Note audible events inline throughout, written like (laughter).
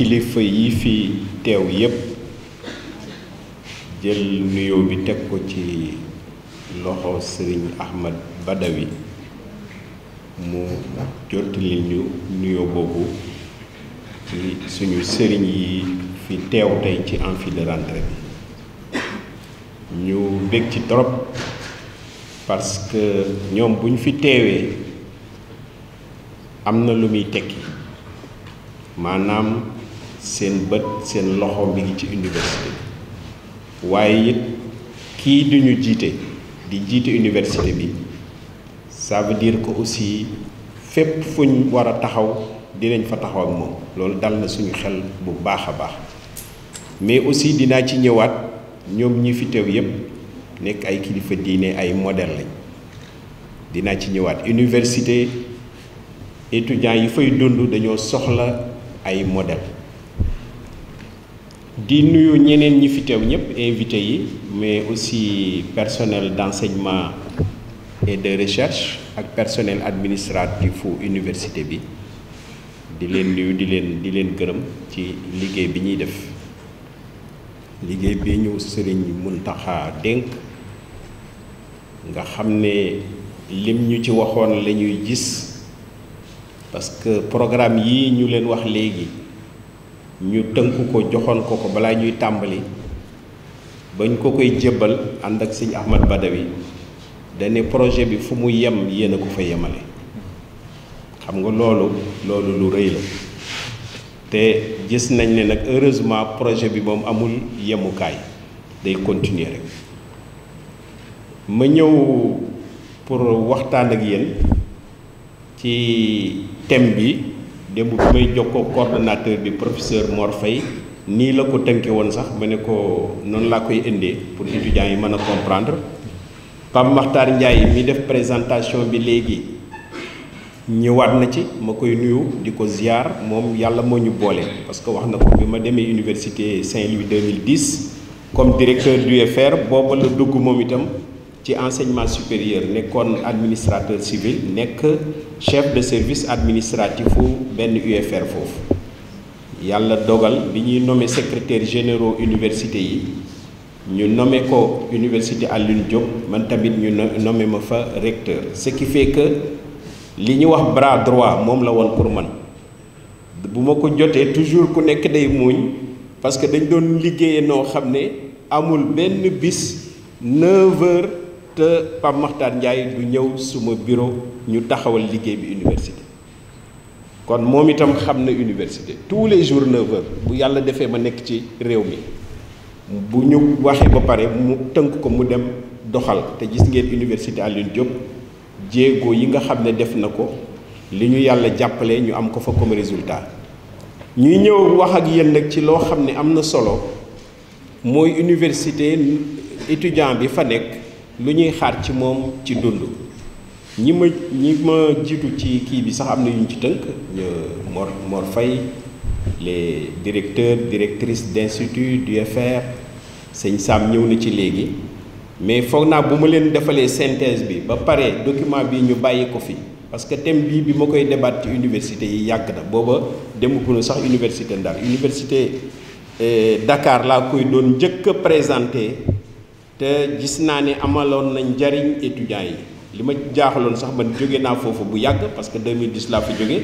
kilifa yi fi teew yépp jël nuyoo bi teg ko ci loxo sëriñ Ahmad Badawi mu jottali ñu nuyoo boobu suñu sëriñ yi fi teew tey ci amphi de bi ñu bég ci trop parce que ñoom bu ñu fi teewee am na lu muy tekki maanaam seen bët seen loxo mi ngi ci université bi waaye it kii du ñu jiite di jiite université bi ça veut dire que aussi fépp fuñ ñu war a taxaw dinañ fa taxaw ak moom loolu dal na suñu xel bu baax a baax mais aussi dinaa ci ñëwaat ñoom ñi fi teew yëpp nekk ay kilifa diine ay modèle lañ dinaa ci ñëwaat université étudiant yi fay dund dañoo soxla ay modèle di nuyu ñeneen ñi fi teew ñëpp invité yi mais aussi personnel d'enseignement et de recherche ak personnel administratif fu université bi di leen nuyu di leen di leen gërëm ci liggéey bi ñuy def liggéey bi ñu sëriñ Muntaxa dénk nga xam ne lim ñu ci waxoon la ñuy gis parce que programme yi ñu leen wax léegi ñu tënk ko joxoon ko ko balaa ñuy tàmbali bañ ko koy jébbal ànd ak sëñ Ahmad Badawi dane projet bi fu mu yem yéen a ko fa yemale xam nga loolu loolu lu rëy la te gis nañ ne nag heureusement projet bi moom amul yemukaay day continuer rek ma ñëw pour waxtaan ak yéen ci thème bi démb bi may jokkoo coordonnateur bi professeur Mor Faye nii la ko tënke woon sax ma ne ko noonu laa koy indee pour étudiants yi mën a comprendre Pape Makhtar yi mi def présentation bi léegi ñëwaat na ci ma koy nuyu di ko ziar moom yàlla moo ñu boole parce que wax na ko bi ma demee université Saint-Louis 2010 comme directeur d'UFR booba la dugg moom itam ci enseignement supérieur nekkoon administrateur civil que chef de service administratif Ben UFR foofu yalla dogal biñuy ñuy nommé secrétaire généraux université yi ñu nommé ko université Alioune Diop man tamit ñu nommé ma fa recteur ce qui fait que li ñu wax bras droit mom la won pour man bu ma ko toujours ku nek day muñ parce que dañ doon liggéey no xamné amul ben bis 9 h te Pam Makhtar Ndiaye du ñew suma bureau ñu taxawal liggéey bi université kon moom itam xam université tous les jours 9h bu yalla défé ma nek ci réew mi bu ñu waxé ba paré mu teunk ko mu dem doxal té gis ngeen université Alioune Diop djégo yi nga xamné def nako li ñu yalla jappalé ñu am ko fa comme résultat ñuy ñew wax ak yéen nag ci lo xamné amna solo moy université étudiant bi fa nek lu ñuy xaar ci moom ci dund ñi ma ñi ma jiitu ci kii bi sax am na yuñ ci tënk Mor Mor fay les directeurs directrices du fr sëñ Sam ñëw na ci léegi mais foog naa bu ma leen defalee synthèse bi ba pare document bi ñu bàyyi ko fi parce que thème bii bi ma koy débat ci université yi yàgg na booba demaguna sax université Ndar université eh, Dakar laa koy doon njëkk a présenté te gis naa ne amaloon nañ njariñ étudiants yi li ma jaaxaloon sax man jóge naa foofu bu yàgg parce que 2010 laa fa jóge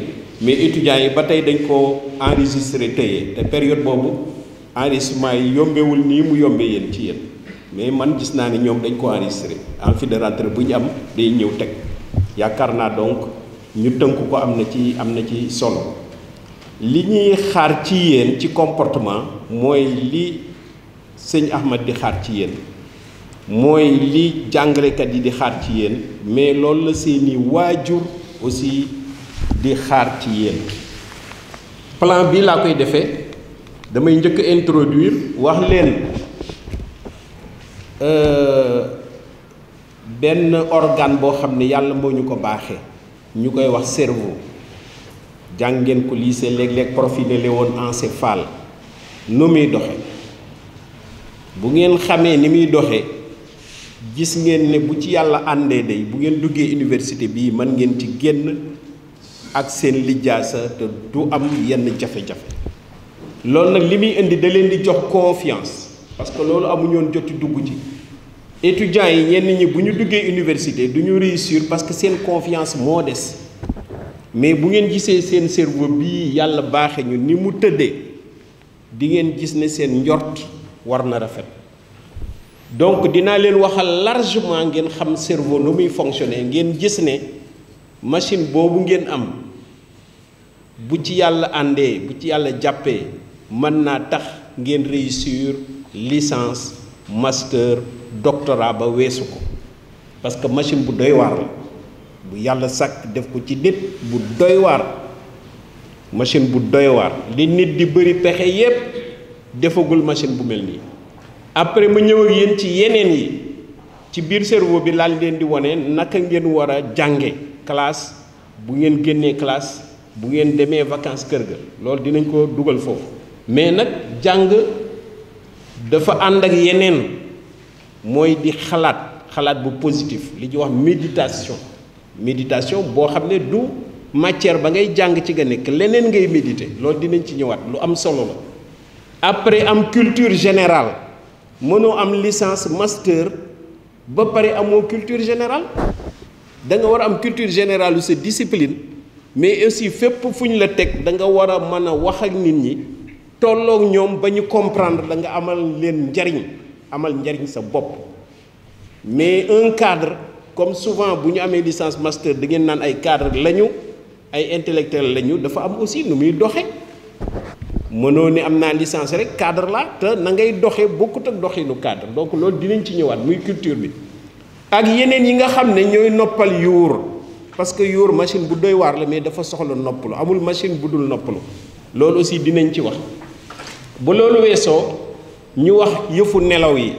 mais étudiants yi ba tey dañ koo enregistré téye te période boobu enregistrement yi yombewul nii mu yombe yéen ci yéen mais man gis naa ne ñoom dañ ko enregistré en file bu ñu am day ñëw teg yaakaar naa donc ñu tënk ko am na ci am na ci solo li ñuy xaar ci yéen ci comportement mooy li sëñ Ahmad di xaar ci yéen moy li jangale kat di xaar ci yeen mais lool la seeni wajur aussi di xaar ci yeen plan bi la koy defé damay ñëk introduire wax leen euh, ben organe bo xam yalla mo ñuko baxé ñukoy wax cerveau jàng ngeen ko lycée léeg-léeg profilé le won encéphale nu muy bu ngeen xamé ni muy doxé gis ngeen ne bu ci yàlla àndee day bu ngeen duggee université bii man ngeen ci génn ak seen sa te du am yenn jafe-jafe loolu nag li muy indi da leen di jox confiance parce que loolu amuñoon jot ci dugg ci étudiants yi ñenn ñi bu ñu duggee université du ñu réussir parce que seen confiance moo des mais bu ngeen gisee seen cerveau bii yàlla baaxe ñu ni mu tëddee di ngeen gis ne seen njort war na rafet donc dinaa leen waxal largement ngeen xam cerveau nu muy fonctionner ngeen gis ne machine boobu ngeen am bu ci yàlla àndee bu ci yàlla jàppee mën naa tax ngeen réussir licence masteur doctorat ba weesu ko parce que machine bu doywaar waar la bu yàlla sàkk def ko ci nit bu doy machine bu doy waar li nit di bëri pexe yépp defagul machine bu mel nii après ma ñëw ak yeen ci yeneen yi ci biir cerveau bi laal leen di naka ngeen a classe bu ngeen génnee classe bu ngeen demee vacances kër ga loolu dinañ ko dugal foofu mais nag jàng dafa ànd ak yeneen di xalaat xalaat bu positif li ñuy wax méditation méditation boo xam ne matière ba ngay jàng ci nga ngay méditer loolu dinañ ci ñëwaat lu am solo la après am culture générale mënoo am licence master ba pare amoo culture générale da nga war a am culture générale sa discipline mais aussi fépp fu ñu la teg da nga war a mën a wax ak nit ñi tolloog ñoom ba ñu comprendre da nga amal leen njariñ amal njariñ sa bopp mais un cadre comme souvent bu ñu amee licence master da ngeen naan ay cadre lañu ay intellectuel lañu dafa am aussi nu muy doxe mënoo ni am naa licence rek cadre la te na ngay doxee bokkut ak doxinu cadre donc loolu dinañ ci ñëwaat muy culture bi ak yeneen yi nga xam ne ñooy noppal yuur parce que yuur machine bu doy waar la mais dafa soxla noppalu amul machine bu dul noppalu loolu aussi dinañ ci wax ba loolu weesoo ñu wax yëfu nelaw yi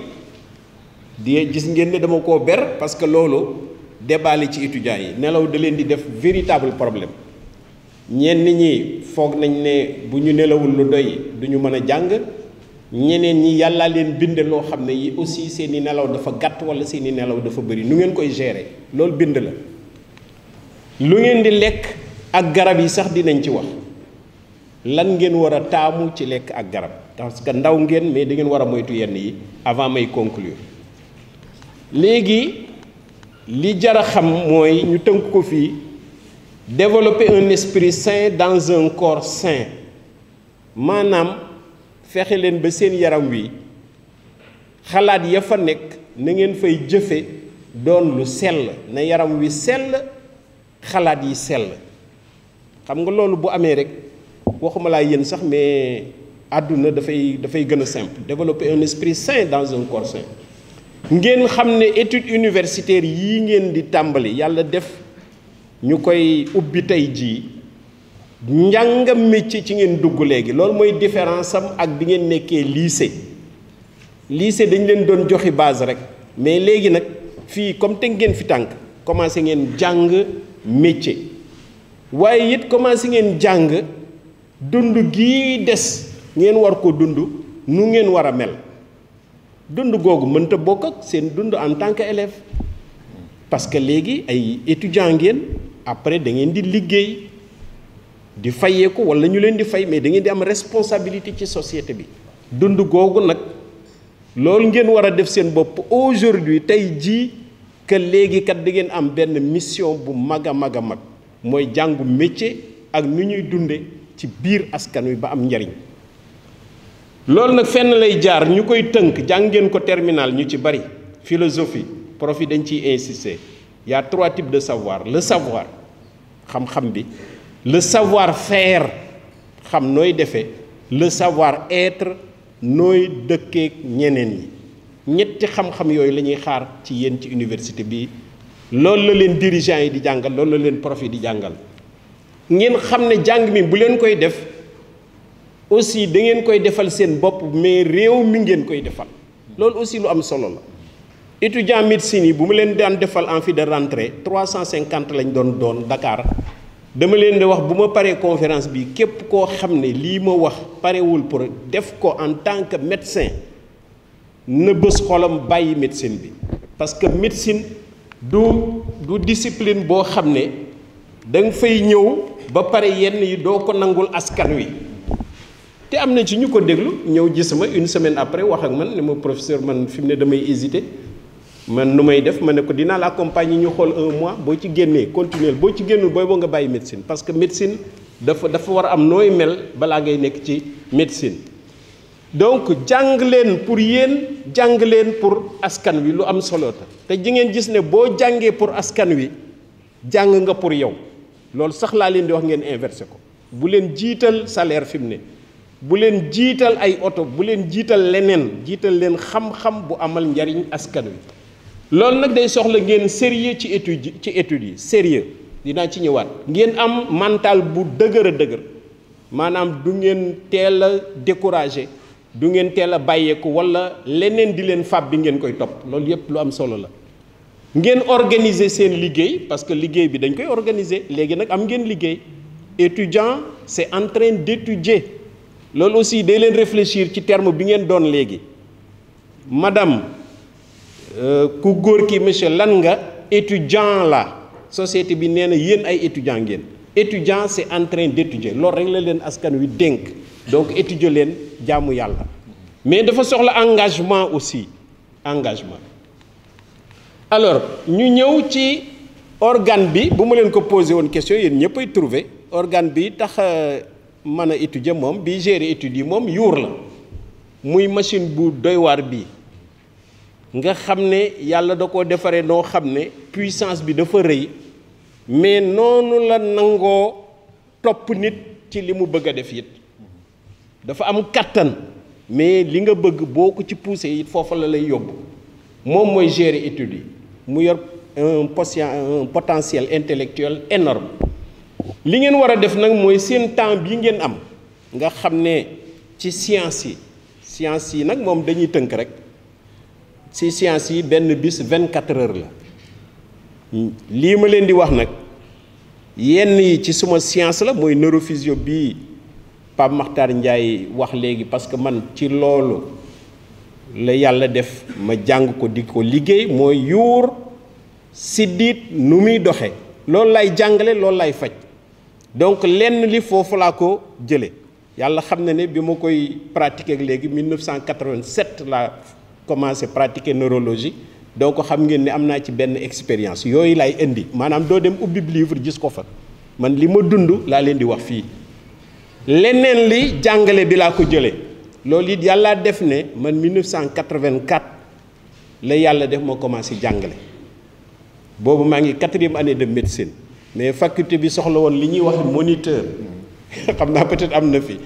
di gis ngeen ne dama ko ber parce que loolu debale ci étudiants yi nelaw da leen di def véritable problème ñenn ñi foog nañ ne bu ñu nelawul lu doy duñu mën a jàng ñeneen ñi yàlla leen bind loo xam ne yi aussi seen i nelaw dafa gàtt wala seeni nelaw dafa bari nu ngeen koy gérer loolu bind la lu ngeen di lekk ak garab yi sax dinañ ci wax lan ngeen war a taamu ci lekk ak garab parce que ndaw ngeen mais da ngeen war a moytu yenn yi avant may conclure léegi li jara xam mooy ñu tënk ko fii développer un esprit saint dans un corps saint. Manam, fexe leen ba sen yaram wi xalaat ya fa nek na ngeen fay jëfe doon lu sel na yaram wi sel xalaat yi sel xam nga loolu bu amé rek waxuma laa yéen sax mais da fay da fay gëna simple développer un esprit saint dans un corps saint. ngeen xamné études universitaires yii ngeen di tambali yalla def ñu koy ubbi tey jii njàngam métier ci ngeen dugg léegi loolu mooy différence am ak bi ngeen nekkee lycée lycée dañ leen doon joxi base rek mais léegi nag fii comme teg ngeen fi tànk commencé ngeen jàng métier waaye yit commencé ngeen jàng dund gii des ngeen war ko dund nu ngeen war a mel dund googu mënta bokk ak seen dund en tant que élève parce que léegi ay étudiant ngeen après da ngeen di liggéey di fayee wala ñu leen di fay mais da ngeen di am responsabilité ci société bi dund googu nag lool ngeen wara def seen bop aujourd'hui tay ji que léegi kat da ngeen am ben mission bu maga maga mag moy jangu métier ak nu ñuy dunde ci biir askan wi ba am njariñ lool nak fenn lay jaar ñukoy teunk tënk jàngeen ko terminal ñu ci bari philosophie profi yi dañ ciy insister y a trois types de savoir le savoir xam-xam bi le savoir faire xam noy defé le savoir être noy deke ñeneen ñi ñetti xam-xam yoy lañuy xaar ci yeen ci université bi lool la leen dirigeants yi di jàngal lool la leen prof yi di jàngal ngeen xamné ne jàng mi bu leen koy def aussi da ngeen koy defal seen bop mais réew mi ngeen koy defal lool aussi lu am solo la étudiant médecine si bu de rentrée 350 Dakar dama leen di wax bu conférence bi kep ne wax pour def en tant que médecin ne médecine bi parce que médecine du discipline bo xamné dang fay ñew ba pare yenn yi do ko nangul wi te am ci déglu une semaine après wax ak professeur man fimné man numay def mané ko dina la accompagner ñu xol un mois bo ci génné continuer bo ci génnul boy bo nga baye médecine parce que médecine dafa dafa war am noy mel bala ngay nek ci médecine donc jàng pour yeen jàng pour askan wi lu am solo ta te ji ngeen gis ne bo jangé pour askan wi jang nga pour yow lool sax la leen di wax ngeen inverser ko bu leen jital salaire fimné bu leen jital ay auto bu leen jital lenen jital leen xam-xam bu amal njariñ askan wi loolu nak day soxla sérieux ci étude ci étude sérieux ci ñëwaat am mental bu dëgër a dëgër maanaam du ngeen teel a découragé du ngeen teel bayéku wala leneen di leen fab bi am solo la ngeen organiser seen liggéey parce que liggéey bi dañ koy organiser légui nak am ngeen étudiant c'est en train d'étudier loolu aussi day réfléchir ci terme bi madame euh, ku góor ki monsieur lan nga étudiant la société bi nee na ay étudiant ngeen étudiant c'est en train d'étudier lor rek la len askan wi denk donc étudier leen jaamu yàlla mais dafa soxla engagement aussi engagement alors ñu ñew ci organe bi bu ma len ko posé won question yéen ñeppay trouver organe bi tax euh, mën a étudier mom, bi gérer études mom your la muy machine bu doy waar bii nga xam yalla yàlla da koo defaree noo xam puissance bi dafa reuy mais noonu la nango top nit ci limu bëgg def it dafa am katan mais li nga bëgg boo ci pousser it foofa la lay yob mom moy gérer étude mu yor un potentiel intellectuel énorme li ngeen wara def nak moy seen temps bi ngeen am nga xam ci science yi science yi nak mom dañuy teunk rek ci science, yi ben bis 24 heures la li ma len di wax nak yenn yi ci suma science la moy neurophysio bi Pape Makhtar ndjay wax léegi parce que man ci lolu la yalla def ma jang ko di ko liggéey mooy yuur siddit nu muy lay jangalé loolu lay faj donc lenn li fofu la ko jële Yalla xamné né ne bi koy pratiquer ak léegi 1987 la commencé pratiquer neurologie donc xam ngeen ni amna ci ben expérience yoy lay indi manam do dem ubbi livre gis ko fa man li ma dund laa leen di wax fi lenen li jàngale bi la ko jëlee loolu it yàlla def ne man 1984 la yalla def mo commencé jàngale bobu m'a ngi quatrième année de médecine mais faculté bi soxla woon li ñi wax moniteur (laughs) xamna peut-être amna fi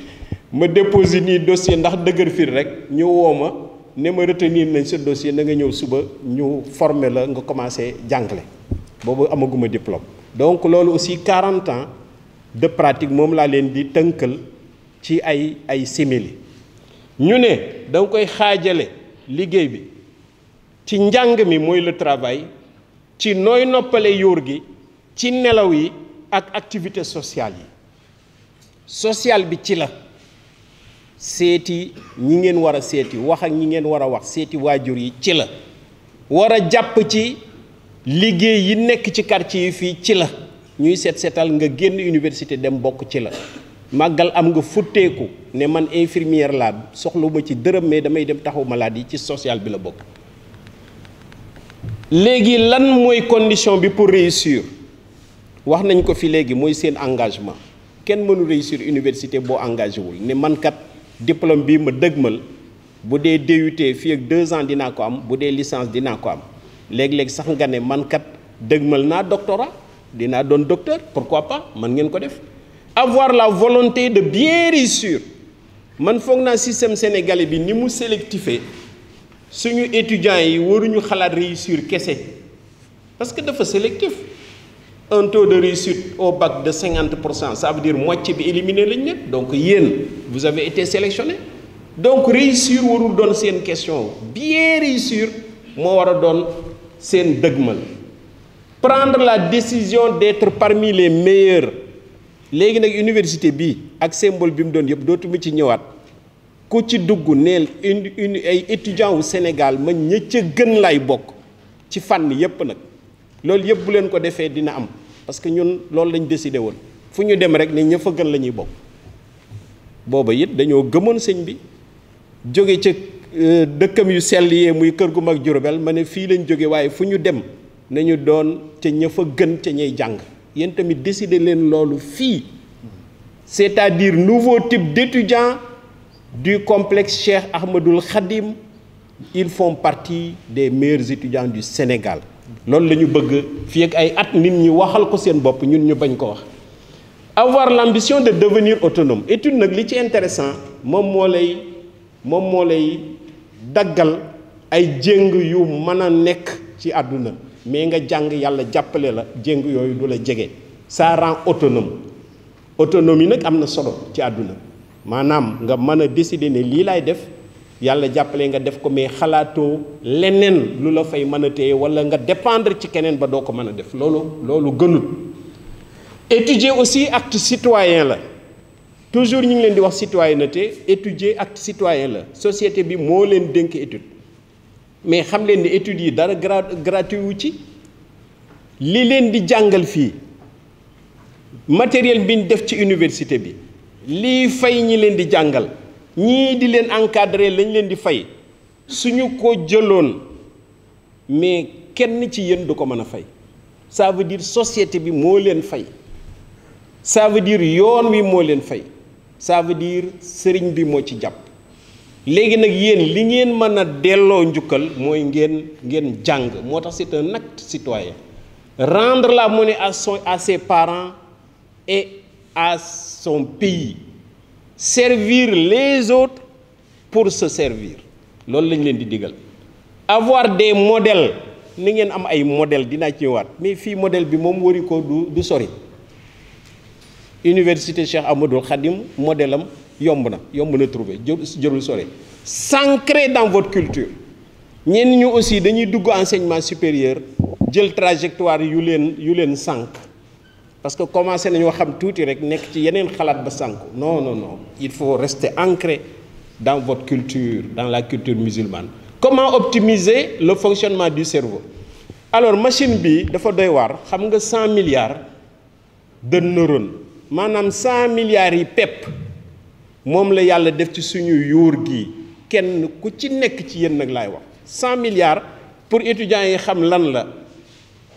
ma déposé ni dossier ndax deuguer fii rek ñu woma ne ma retenir nañ sa dossier na nga ñëw suba ñu former la nga commencé jàngale boobu amaguma diplôme donc loolu aussi quarante ans de pratique moom laa leen di tënkal ci ay ay simili ñu ne danga koy xaajale liggéey bi ci njàng mi mooy le travail ci nooy noppale yóor gi ci nelaw yi ak activité sociale yi sociale bi ci la seeti ñi ngeen war a seeti wax ak ñi ngeen war a wax seeti waajur yi ci la war a jàpp ci liggéey yi nekk ci quartier yi fii ci la ñuy seet seetal nga génn université dem bokk ci la màggal am nga futteeku ne man infirmière laa soxluma ci dërëm mais damay dem taxaw malade yi ci social bi la bokk léegi lan mooy condition bi pour réussir wax nañ ko fi léegi mooy seen engagement kenn mënul réussir université boo engagé wul ne mankat diplôme bi ma deugmal bu DUT fi ak deux ans dina ko am bu dee licence dina ko am léeg-léeg sax nga man kat deugmal na doctorat dina doon docteur pourquoi pas man ngeen ko def avoir la volonté de bien réussir man foog système sénégalais bi ni mu sélectifé suñu étudiants yi waruñu xalat réussir kese parce que dafa sélectif un taux de réussite au bac de 50%, ça veut dire moitié bi éliminer lañ donc vous avez été sélectionné donc réussir warul c'est une question bien réussir c'est war a prendre la décision d'être parmi les meilleurs léegi nag université bi ak symbole bi mu D'autres qui dootuma ci ñëwaat ku ci dugg une étudiant au Sénégal ma ña un gën lay bokk ci fànn un nag loolu yëpp bu leen ko defee dina am parce que ñun loolu lañ décidé woon fu ñu dem rek ni ña fa gën la ñuy bokk booba it dañoo gëmoon sëñ bi jóge ca euh, dëkkam yu sell yee muy kër gu mag Jurbel ma ne fii lañ jóge waaye fu ñu dem nañu doon ca ña fa gën ca ñay jàng yéen tamit décidé leen loolu fii c'est-à-dire nouveau type d'étudiant du complexe Cheikh Ahmadoul Khadim ils font partie des meilleurs étudiants du Sénégal loolu la ñu bëgg fii ak ay at nit ñi waxal ko seen bopp ñun ñu bañ ko wax avoir l'ambition de devenir autonome étude nag li ci intéressant moom moo lay moom moo lay daggal ay jéng yu mën a nekk ci àdduna mais nga jàng yàlla jàppale la jéng yooyu du la jege ça rend autonome autonomie nag am na solo ci àdduna maanaam nga mën a décider ne lii laay def yalla jàppale nga def ko mais khalaato lenen lu fay mën a wala nga dépendre ci kenen ba doko ko def loolu loolu gënut étudier aussi acte citoyen la toujours ñing leen di wax citoyenneté étudier acte citoyen la société bi mo leen denk étude mais xam leen ni étude yi dara gratuit wu ci li leen di jangal fi matériel biñ def ci université bi li fay ñi leen di jangal ñii di leen encadrer lañ leen di fay suñu ko jëloon mais kenn ci yéen du ko mën a fay ça veut société bi moo leen fay ça veut yoon wi moo leen fay ça veut dire sëriñ bi moo ci jàpp léegi nag yéen li ngeen mën a delloo njukkal mooy ngeen ngeen jàng moo tax c'est nag acte citoyen rendre la monnaie à son à ses parents et à son servir les autres pour se servir ce que nous di digal avoir des modèles ni avons am ay modèles dinaa ci modèles, mais ce modèle bi moom wari ko du sori université Cheikh Amadou Khadim modèle am yomb na yomb na trouver s'ancrer dans votre culture Nous ñu aussi dañuy dugg enseignement supérieur jël trajectoire yu trajectoire yu parce que comment nañoo xam tuuti tout nekk ci non non non il faut rester ancré dans votre culture dans la culture musulmane comment optimiser le fonctionnement du cerveau alors machine il faut doy waar xam nga 100 milliards de neurones maanaam 100 milliards de peps. moom la yàlla def ci suñu nous gi kenn ku ci qui ci 100 milliards pour étudiants yi ce lan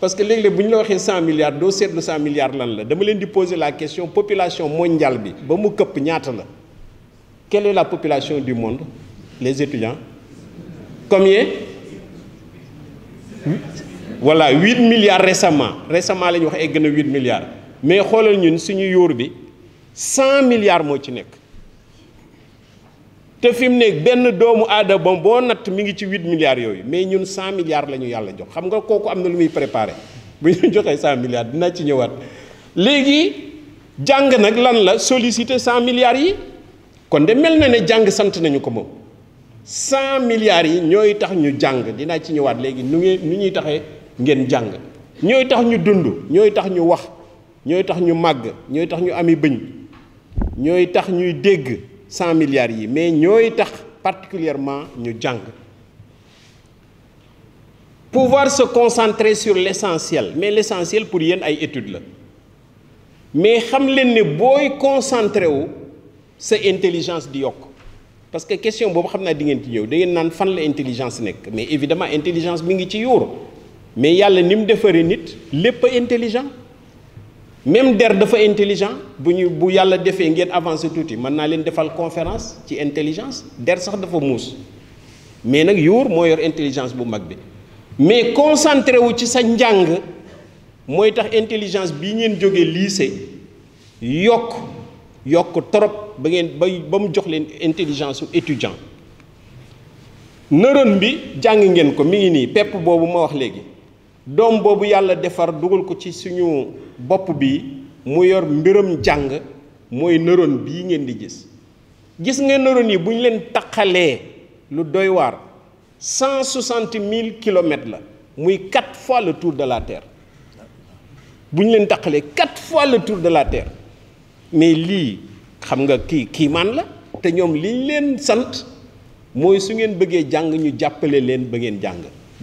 parce que les gens qui 100 milliards, 200 milliards, je vais poser la question la population mondiale. Quelle est la population du monde Les étudiants Combien Voilà, 8 milliards récemment. Récemment, ils ont gagné 8 milliards. Mais si nous avons 100 milliards, te fi mu ne benn doomu aadama boo natt mi ngi ci huit milliards yooyu mais ñun cent milliards la ñu yàlla jox xam nga kooku am na lu muy préparé bu ñu joxee cent milliards dina ci ñëwaat léegi jàng nag lan la solliciter cent milliards yi kon de mel na ne jàng sant nañu ko moom cent milliards yi ñooy tax ñu jàng dinaa ci ñëwaat léegi nu ngi nu ñuy taxee ngeen jàng ñooy tax ñu dund ñooy tax ñu wax ñooy tax ñu màgg ñooy tax ñu ami bëñ ñooy tax ñuy dégg 100 milliards mais nous sommes particulièrement ñu pouvoir se concentrer sur l'essentiel mais l'essentiel pour y aller étude. mais xam leen ne booy concentré wu intelligence parce que la question si vous avez di ngeen ci ñëw da mais évidemment intelligence est ngi ci mais le ni de nit lépp intelligent même DER dafa intelligent bu bu yalla defee ngeen avancer touti man na len defal conférence ci intelligence DER sax dafa muus mais nak yuur moo yor intelligence bu mag bi mais concentré wu ci sa njàng moy tax intelligence bi ngeen jógee lycée yok yok trop ba ngeen bam jox len intelligence étudiant neuron bi jang ngeen ko mi ngi nii pepp ma wax légui doom boobu yàlla defar dugal ko ci suñu bopp bi mu yor mbiram jàng mooy neurones bii ngeen di gis gis nga neurones yi bu ñu leen taqalee lu doy waar cent soixante mille kilomètres la muy quatre fois le tour de la terre bu ñu leen taqalee quatre fois le tour de la ter mais lii xam nga kii kiimaan la te ñoom liñ leen sant mooy su ngeen bëggee jàng ñu jàppale leen ba ngeen jàng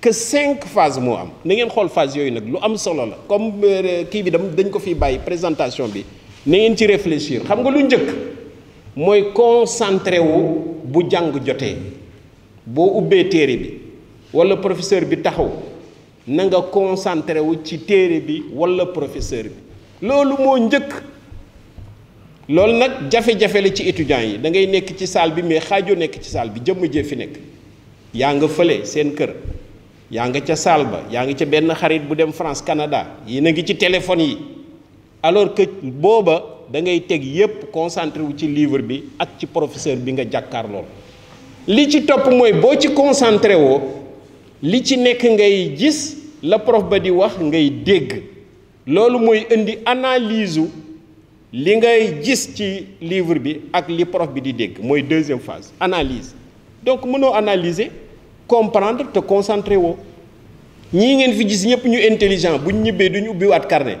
que cinq phases moo am na ngeen xool phase yooyu nag lu am solo la comme euh, kii bi dam dañ ko fi bàyyi présentation bi na ngeen ci réfléchir xam nga lu njëkk mooy concentré wu bu jàng jotee boo ubbee téere bi walla professeur bi taxaw na nga concentré wu ci téere bi walla professeur bi loolu moo njëkk loolu nag jafe-jafe la ci étudiants yi da ngay nekk ci salle bi mais xaajoo nekk ci salle bi jëmm jee fi nekk yaa nga fële seen kër yaa nga ca salle ba yaa ngi ca benn xarit bu dem France Canada yéen a ngi ci téléphone yi alors que booba da ngay teg yépp concentré wu ci livre bi ak ci professeur bi nga jàkkaar lool li ci topp mooy boo ci concentré woo li ci nekk ngay gis la prof ba di wax ngay dégg loolu mooy indi analyse li ngay gis ci livre bi ak li prof bi di dégg mooy deuxième phase analyse donc mënoo analyser comprendre te concentrer woo ñii ngeen fi gis ñëpp ñu intelligent bu ñibé ñibbee ubbi ubbiwaat carnet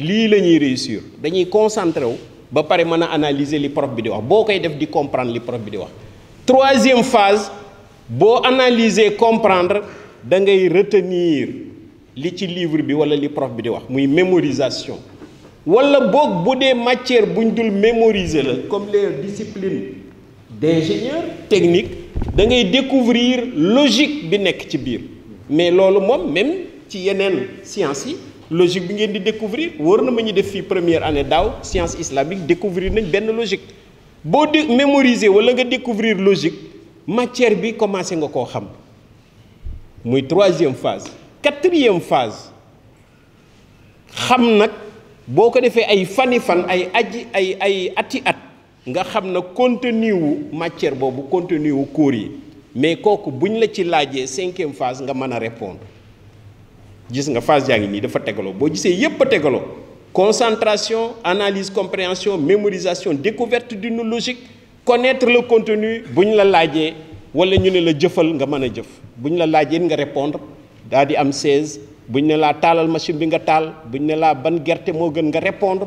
li lañuy réussir dañuy concentré wu ba paré mëna analyser li prof bi di wax bokay def di comprendre li prof bi di wax troisième phase bo analyser comprendre da ngay retenir li ci livre bi wala li prof bi di wax muy mémorisation wala bok bu matière buñ dul mémoriser la comme les disciplines d'ingénieur technique da ngay découvrir logique bi nek ci biir mais loolu moom même ci yeneen science yi logique bi ngeen di découvrir wóor na ma ñu def fii première année daaw science islamique découvrir nañ benn logique boo di mémoriser wala nga découvrir logique matière bi commencé nga koo xam muy troisième phase quatrième phase xam nag boo ko defee ay fani fan ay aji ay ay ati at nga xam na contenu wu matière boobu contenu wu cours yi mais kooku buñ la ci laajee cinquième phase nga mën répondre gis nga phase dafa yépp concentration analyse compréhension mémorisation découverte d'une logique connaître le contenu buñ la laajee wala ñu ne la jëfal nga a jëf buñ la répondre di am 16 buñ ne machine bi nga taal buñ ne répondre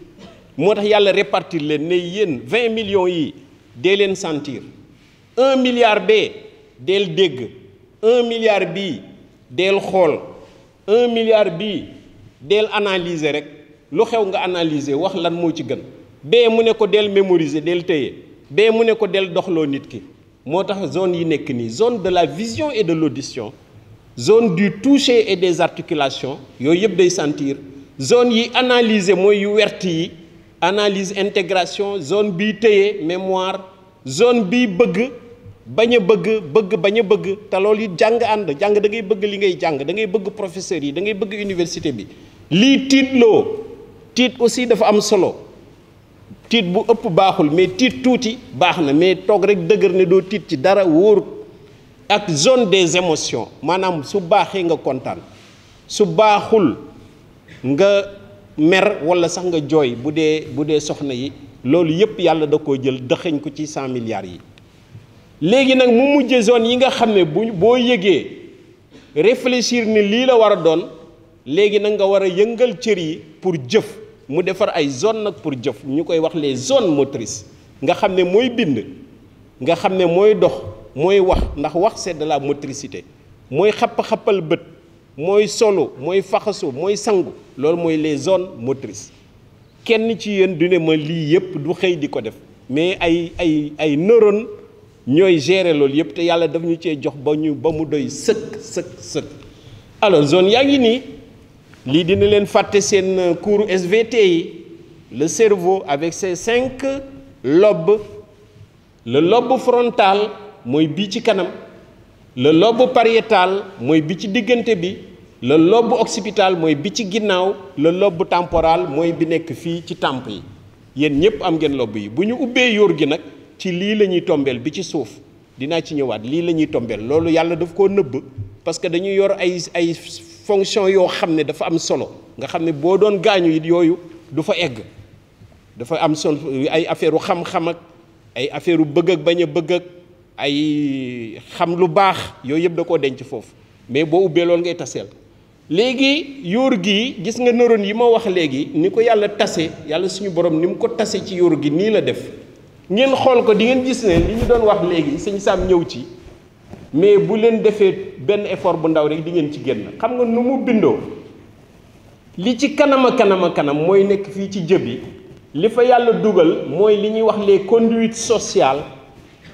motax yalla répartir répartir millions yi 1 sentir 1 milliard b del, 1 milliard bi del xol un milliard bi del analyser rek lu xew nga analyser wax lan ci mémoriser b mu ne ko zone zone de la vision et de l'audition zone du toucher et des articulations yo yeb sentir zone yi analyser yu analyse intégration zone bii mémoire zone bi bëgg bañ BUG bëgg bëgg bañ bëgg te loolu jàng ànd jàng da ngay bëgg li ngay jàng da ngay bëgg professeur yi da ngay bëgg université bi lii tiitloo tit aussi dafa am solo tit bu ëpp baaxul mais tiit touti baax mais tok rek deugër né do tiit ci dara wóorut ak zone des émotions Manam su baaxee nga contane su baaxul nga mer wala sax nga jooy bu dee bu dee soxna yi loolu yépp yàlla da koo jël dëxëñ ko ci cent milliards yi léegi nag mu mujje zone yi nga xam ne bu boo yëgee réfléchir ni lii la war a doon léegi nag nga war a yëngal cër yi pour jëf mu defar ay zone nag pour jëf ñu koy wax les zones motrices nga xam ne mooy bind nga xam ne mooy dox mooy wax ndax wax c'est de la motricité mooy xapp-xappal bët mooy solo mooy faxasu mooy sangu loolu mooy les zones motrices kenn ci yéen du ne ma lii yëpp du xëy di ko def mais ay ay ay neurones ñooy gérer loolu yëpp te yàlla daf ñu cee jox ba ñu ba mu doy sëkk sëkk sëkk alors zone yaa ni, nii lii dina leen fàtte seen cours SVT le cerveau avec ses cinq lobes le lobe frontal mooy bii ci kanam le lobe pariétal mooy bi ci diggante bi le lobe occipital mooy bi ci ginnaaw le lobe temporal mooy bi nekk fii ci tàmp yi yéen ñëpp am ngeen lobe yi bu ñu ubbee yóor gi nag ci lii la ñuy tombeel bi ci suuf dinaa ci ñëwaat lii la ñuy tombeel loolu yàlla daf koo nëbb parce que dañuy yor ay ay fonction yoo xam ne dafa am solo nga xam ne boo doon gaañu it yooyu du fa egg dafa am solo ay affaire u xam-xam ak ay affaire u bëgg ak bañ a bëgg ak ay xam lu baax yooyu yëpp da koo denc foofu mais boo ubbee loolu ngay taseel léegi yóor gi gis nga neurones yi ma wax léegi ni ko yàlla tase yàlla suñu borom ni mu ko tase ci yóor gi nii la def ngeen xool ko di ngeen gis ne li ñu doon wax léegi sëñ Sam ñëw ci mais bu leen defee benn effort bu ndaw rek di ngeen ci génn xam nga nu mu bindoo li ci kanam a kanam mooy nekk fii ci jë bi li fa yàlla dugal mooy li ñuy wax les conduites sociale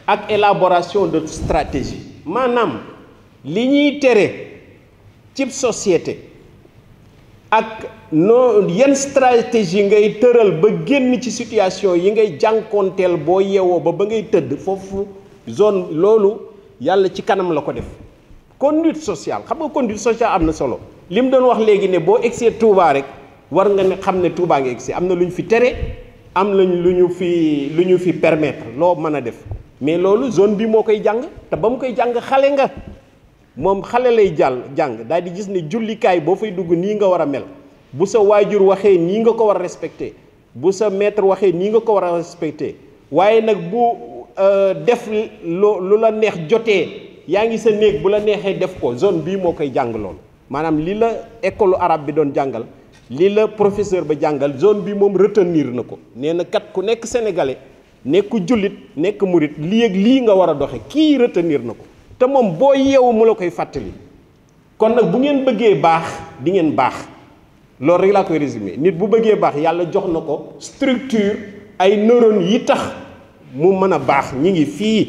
ak élaboration de stratégie maanaam li ñuy tere ci société ak no yeen stratégie ngay teural ba génn ci situation yi ngay jànkonteel boo yeewoo ba ba ngay tëdd foofu zone loolu yàlla ci kanam la ko def conduite sociale xam nga conduite sociale am na solo lim doon wax léegi ne boo egsee Touba rek war nga ne xam ne Touba nga egsee am na lu fi tere am lañ lu ñu fi lu ñu fi permettre loo mën a def mais loolu zone bi moo koy jàng te ba mu koy jàng xale nga moom xale lay jàll jàng daal di gis ne jullikaay boo fay dugg nii nga war a mel bu sa waajur waxee nii nga ko war a respecté bu sa maître waxee nii nga ko war a respecté waaye nag bu euh, def lu lu la neex jotee yaa ngi sa néeg bu la neexee def ko zone bii moo koy jàng lool maanaam li la école arab bi doon jàngal li la professeur ba jàngal zone bi moom retenir na ko nee na kat ku nekk sénégalais nekku jullit nekk murit lii ak lii nga war a doxe kii retenir na ko te moom boo yeewu mu la koy fàttali kon nag bu ngeen bëggee baax di ngeen baax loolu rek laa koy résumé nit bu bëggee baax yàlla jox na ko structure ay neurones yi tax mu mën a baax ñi ngi fii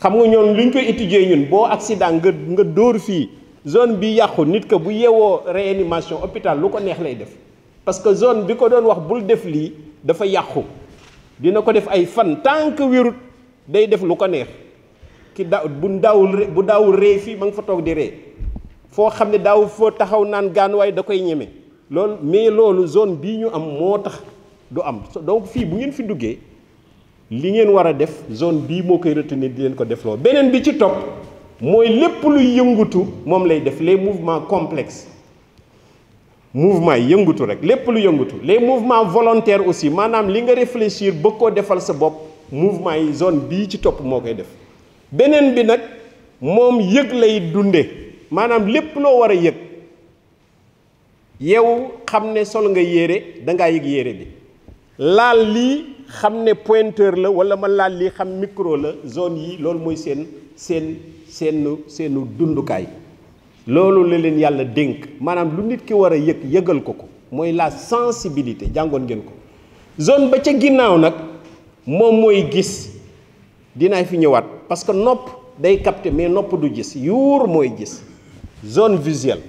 xam nga ñoom lu ñu koy étudier ñun boo accident nga nga dóor fii zone bi yàqu nit ko bu yeewoo réanimation hôpital lu ko neex lay def parce que zone bi ko doon wax bul def lii dafa yàqu dina ko def ay fan tant que day def lu ko neex ki daaw bu daawul bu daawul ree fii ma nga fa toog di ree foo xam ne daaw foo taxaw naan gaan waaye da koy ñeme loolu mais loolu zone bii ñu am moo tax du am donc fii bu ngeen fi duggee li ngeen war a def zone bii moo koy retenir di leen ko def loo beneen bi ci topp mooy lépp luy yëngutu moom lay def les mouvements complexes mouvement yi yëngutu rek lépp lu yëngutu les mouvements volontaire aussi maanaam li nga réfléchir bëgg koo defal sa bopp mouvement yi zone bii ci topp moo koy def beneen bi nag moom yëg lay dunde maanaam lépp loo war a yëg yow xam ne sol nga yére dangaa yëg yére bi laal lii xam ne pointeur la wala ma laal lii xam micro la zone yi loolu mooy seen seen seenu seenu dundukaay loolu la leen yàlla dénk maanaam lu nit ki war a yëg yëgal ko ko mooy la sensibilité jàngoon ngeen ko zone ba ca ginnaaw nag moom mooy gis dinaay fi ñëwaat parce que nopp day capter mais nopp du gis yuur mooy gis zone visuelle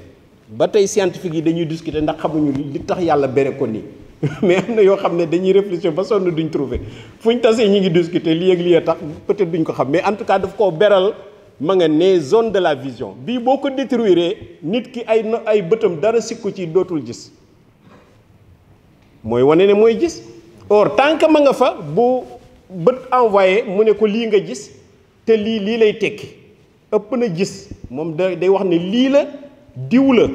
ba tey scientifique yi dañuy discuter ndax xamuñu li tax yàlla bere ko nii (laughs) mais am na yoo xam ne dañuy réfléchir ba sonn duñ fu fuñ tasee ñu ngi discuter lii ak lii tax peut-être duñ ko xam mais en tout cas daf koo beral ma nga ne zone de la vision bii boo ko détruire nit ki ay ay bëtam dara sikku ci dootul gis mooy wane ne mooy gis or tant que ma nga fa bu. bët envoyé mu ne ko lii nga gis te lii lii lay tekki ëpp na gis moom da day wax ne lii la diw la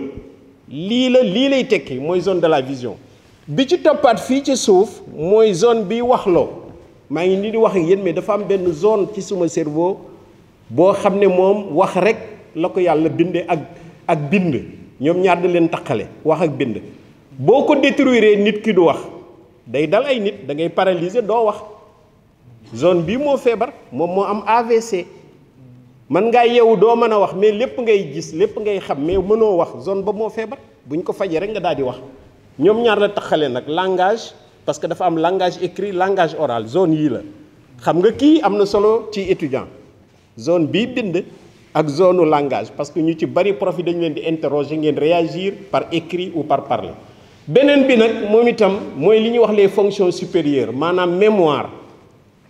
lii la lii lay tekki mooy zone de la vision bi ci toppaat fii ci suuf mooy zone bi waxloo maa ngi nii di wax ak yéen mi dafa am benn zone ci suma cerveau boo xam ne moom wax rek la ko yàlla bindee ak ak bind ñoom ñaar leen taqale wax ak bind boo ko détruire nit ki du wax day dal ay nit dangay ngay doo wax zone bi mo febar mom mo am AVC man nga yeewu do mën a wax mais lepp ngay gis lepp ngay xam mais mënoo wax zone ba mo febar buñ ko fajee rek nga daldi wax ñom ñaar la taxalee nak langage parce que dafa am langage écrit langage oral zone yi la xam nga ki am solo ci étudiant zone bi bind ak zone langage parce que ñu ci bari prof dañ leen di interroger ngeen réagir par écrit ou par parler benen bi nak moom itam li wax les fonctions supérieures manam mémoire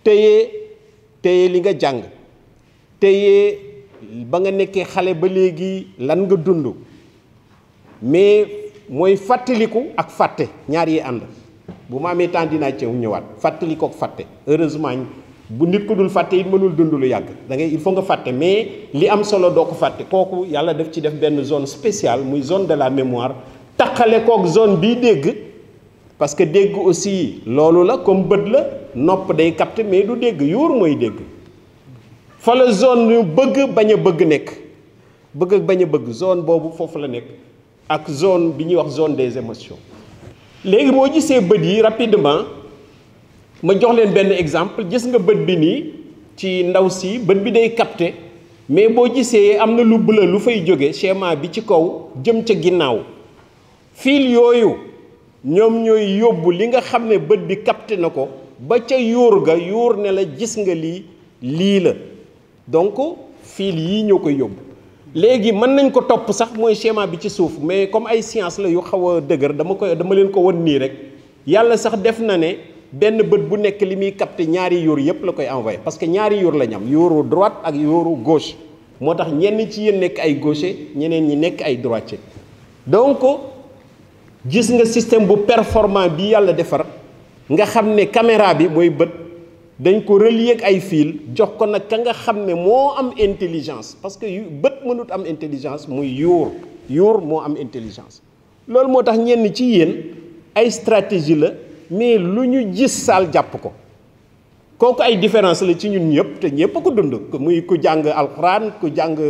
téye téye li nga jàng téye ba nga nekkee xale ba léegi lan nga dund mais mooy fàttaliku ak fàtte ñaar yi ànd bu ma amee temps dina ci ñëwaat fàttaliku ak fàtte heureusement bu nit ko dul fàtte yi mënul dund lu yàgg da ngay il faut nga fàtte mais li am solo doo ko fàtte kooku yàlla def ci def benn zone spéciale muy zone de la mémoire taqale kook zone bii dégg parce que dégg aussi lolu la comme bët la pas day capter mais du dégg yor moy dégg fa la zone yu bëgg bañ a bëgg nekk bëgg zone ne fofu la nek ak zone bi wax zone des émotions légui boo gisee bët yi rapidement ma jox leen exemple gis nga bi ni ci ndaw bi day mais am bleu lu fay schéma bi ci kaw fil ñoom ñooy yóbbu li nga xam ne bët bi capté na ko ba ca yóor ga yóor ne la gis nga lii lii la donc fiil yii ñoo koy yóbbu léegi mën nañ ko topp sax mooy schéma bi ci suuf mais comme ay science la yu xaw a dëgër dama koy dama leen ko wan nii rek yàlla sax def na ne benn bët bu nekk li muy capté ñaari yóor yëpp la koy envoyé parce que ñaari yóor la ñu am yóoru droit ak yóoru gauche moo tax ñenn ci yéen nekk ay gaucher ñeneen ñi nekk ay droitier donc gis nga système bu performant bi yalla defar nga xamné caméra bi mooy beut dañ ko relier ak ay fil jox ko nak ka nga xamné mo am intelligence parce que beut mënut am intelligence muy yor yor mo am intelligence lol motax tax ñenn ci yeen ay stratégie la mais luñu gis sal japp ko kooku ay différence la ci ñun ñëpp te ñëpp ko dund muy ku jang alcorane ku jàng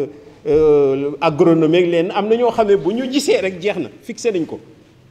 euh, agronomie ak leen am naño xamé xam ne bu ñu gisee rek jeexna na fixé nañ ko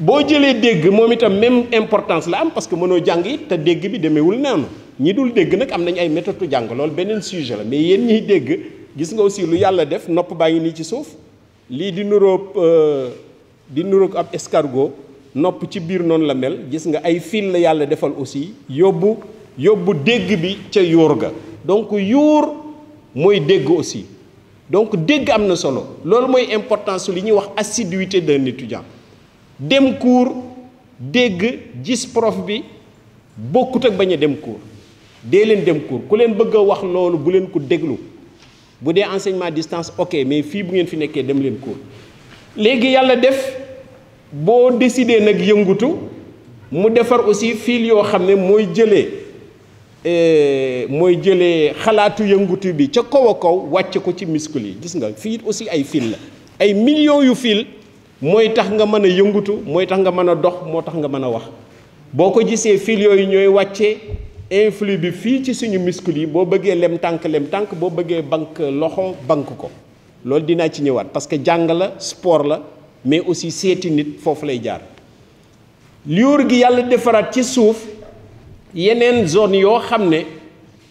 bo jëlee dégg moom itam même importance la am parce que mënoo jang yi te dégg bi demeewul noonu ñi dul dégg nak am nañ ay méthode jang loolu benen sujet la mais yeen ñi dégg gis nga aussi lu yalla def nopp baangi ni ci suuf li di nuroog euh, di nuroog ab escargot nopp ci biir non la mel gis nga ay fil la yalla defal aussi yobbu yobbu dégg bi ca yóor ga donc yóor moy dégg aussi donc dégg amna solo loolu moy importance li ñi wax assiduité d'un étudiant dem cours dégg gis prof bi bokkut ak bañ a dem cours dee leen dem cours ku leen bëgg a wax loolu bu leen ko déglu bu dee enseignement distance ok mais fii bu ngeen fi nekkee dem leen cours léegi yàlla def boo décidé nag yëngutu mu defar aussi fiil yoo xam ne mooy jëlee euh, mooy jëlee xalaatu yëngutu bi ca kaw a kaw wàcce ko ci muscle yi gis nga fii aussi ay fil la ay millions yu fiil mooy tax nga mën a yëngutu mooy tax nga mën a dox moo tax nga mën a wax boo ko gisee fil yooyu ñooy wàccee influx bi fii ci suñu muscle yi boo bëggee lem tànk lem tànk boo bëggee bank loxo bank ko loolu dinaa ci ñëwaat parce que jàng la sport la mais aussi seeti nit foofu lay jaar lióor gi yàlla defaraat ci suuf yeneen zone yoo xam ne